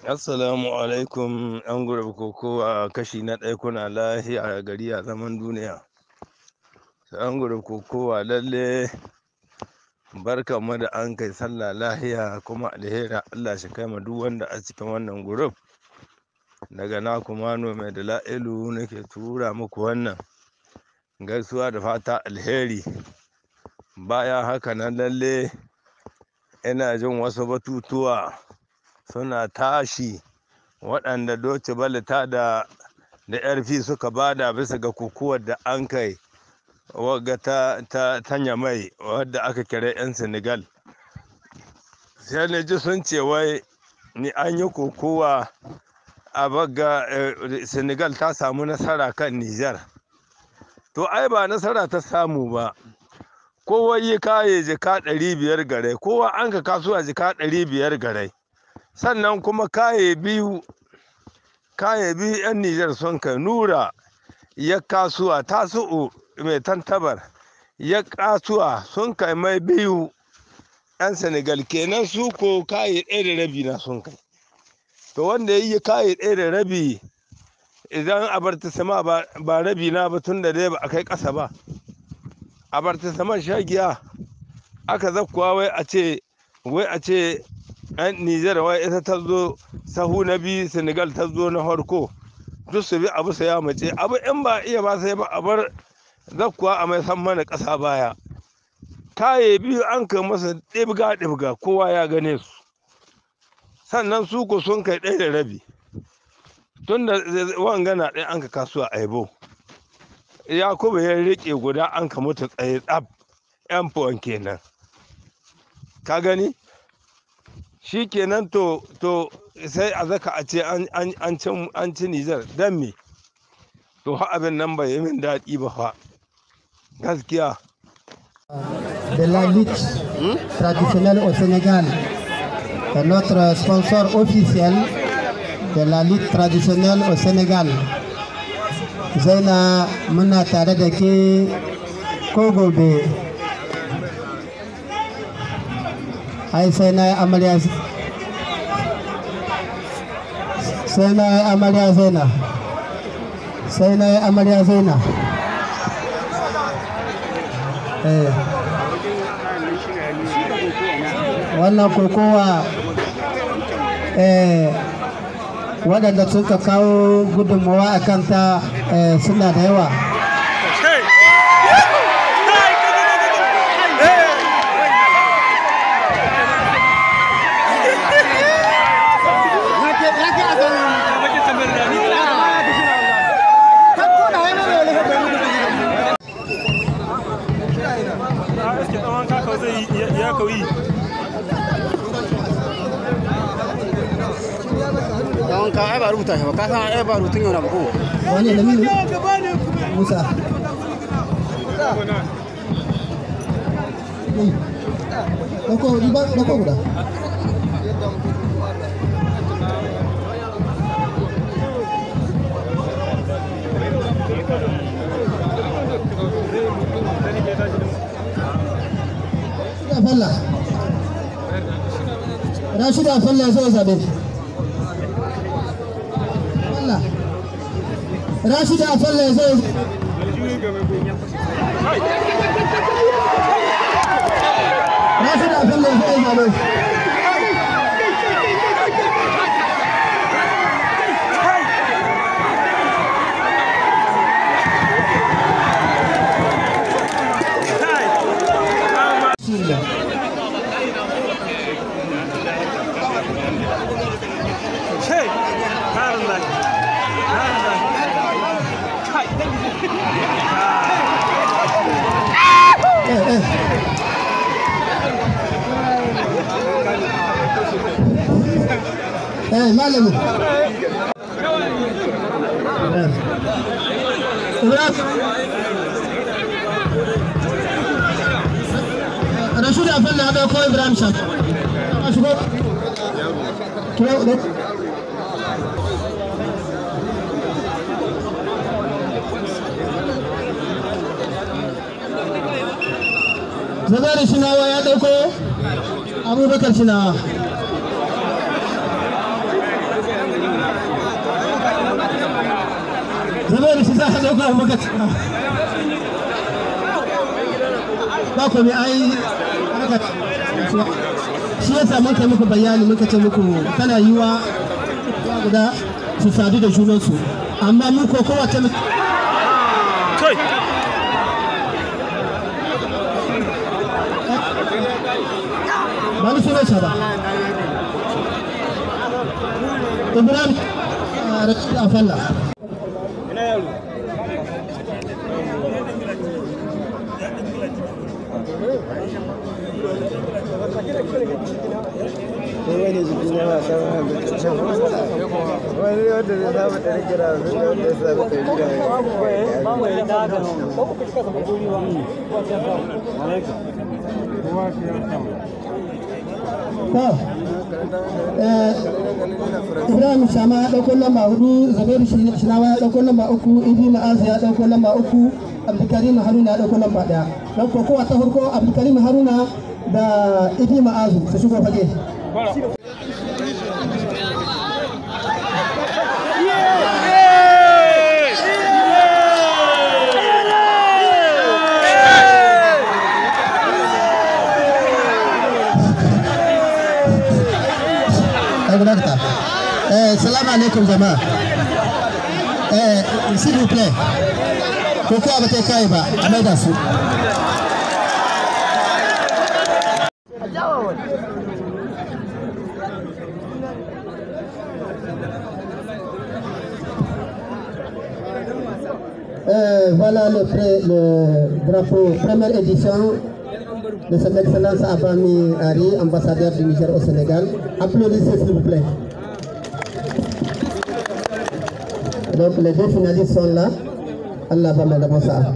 Assalamu alaikum ‘yan gurab kokowa kashi na ɗaya kuna lahiya a gari a zaman duniya. ‘Yan gurab kokowa lalle barkan mu da an kai sallah lahiya kuma alheri Allah shi kai ma duk wanda a cikin wannan gurub. Daga na kuma mai da la'ilu nake tura muku wannan gaisuwa da fata alheri. baya haka nan lalle ina jin wasu batutuwa. suna tashi waɗanda doce balita da da yarfi suka bada bisa ga kukuwar da an kai waga ta ta tanya mai wadda aka kira 'yan senegal sai na ji sun ce wai ni an yi kukuwa a bagga eh, senegal ta samu nasara kan niger to ai ba nasara ta samu ba kowa yi kaye jika 500 gare kowa an ka kasuwa jika 500 gare sannan kuma kaye biyu kaye biyu 'yan nijar sun kai nura ya kasuwa su'u mai tantabar ya kasuwa sun kai mai biyu 'yan senegal kenan su ko kaye ɗaya da rabi na sun kai to wanda ya yi kaye ɗaya da rabi idan sama ba rabi na ba tun da dai ba a kai ƙasa ba abartisaman shagiya aka zakkuwa wai a ce wai a ce nijar wai ita ta zo sahu na biyu senegal ta zo na harko duk su bi abu sai ya mace abu in ba iya ba sai ba a bar zakkuwa a mai san mana ƙasa baya taye biyu an kai masa ɗibga ɗibga kowa ya gane su sannan su ku sun kai ɗaya da rabi tun da wangana ɗaya an ka kasuwa aibo yakubu ya riƙe guda an ka mutu tsaye tsab yan fuwan kenan ka gani shi kenan to to sai a zaka a ce an ci nijar dan me to ha abin nan bai min daɗi ba fa gaskiya de la lutte hmm? traditionnelle au Sénégal. et notre sponsor officiel de la lutte traditionnelle au Sénégal. Zaina muna tare da ke ko gobe ai sai na yi amarya sai na yi amarya sai na sai na yi amarya sai na eh. wannan kokowa eh, waɗanda suka kawo gudunmawa a kanta eh, suna da yawa wanka ka zai ya da wanka ai ba rubuta shi ba ka san ai ba yau na wani da mini musa guda. Afalla Rashid Afalla ya zo zabe Allah Rashid Afalla zo Rashid Afalla zo zabe ايه ما له رشيد افندي هذا اخوي ابراهيم شاف شكرا Zazari Shinawa ya ɗauko Abubakar Shinawa. Zazari shi za a ɗauko Abubakar Shinawa. Ba ku mai ai shi yasa mun kai muku bayani muka ce muku tana yiwa guda su sadu da junansu amma mun ko kowace kai Manusura Çaba. İbrahim Rakip Afalla. ne jiki ne ma san wani da cikin wani wanda zai samu ta rike da abin da wanda ya sa da tafi da wani to eh, Ibrahim Shama ya ɗauko lamba hudu, Zubairu Shinawa ya ɗauko lamba uku, Ibi Ma'azu ya ɗauko lamba uku, Abdulkarim Haruna ya ɗauko lamba ɗaya. Don kokowa ta farko Abdulkarim Haruna da Ibi Ma'azu su shigo fage. Salam alaikum Zama Eh, s'il vous plaît. Pourquoi avec les Kaïba eh, voilà le, le drapeau première édition de son excellence Abami Ari, ambassadeur du Niger au Sénégal. Applaudissez s'il vous plaît. Donc les deux finalistes sont là. Allah va me ça.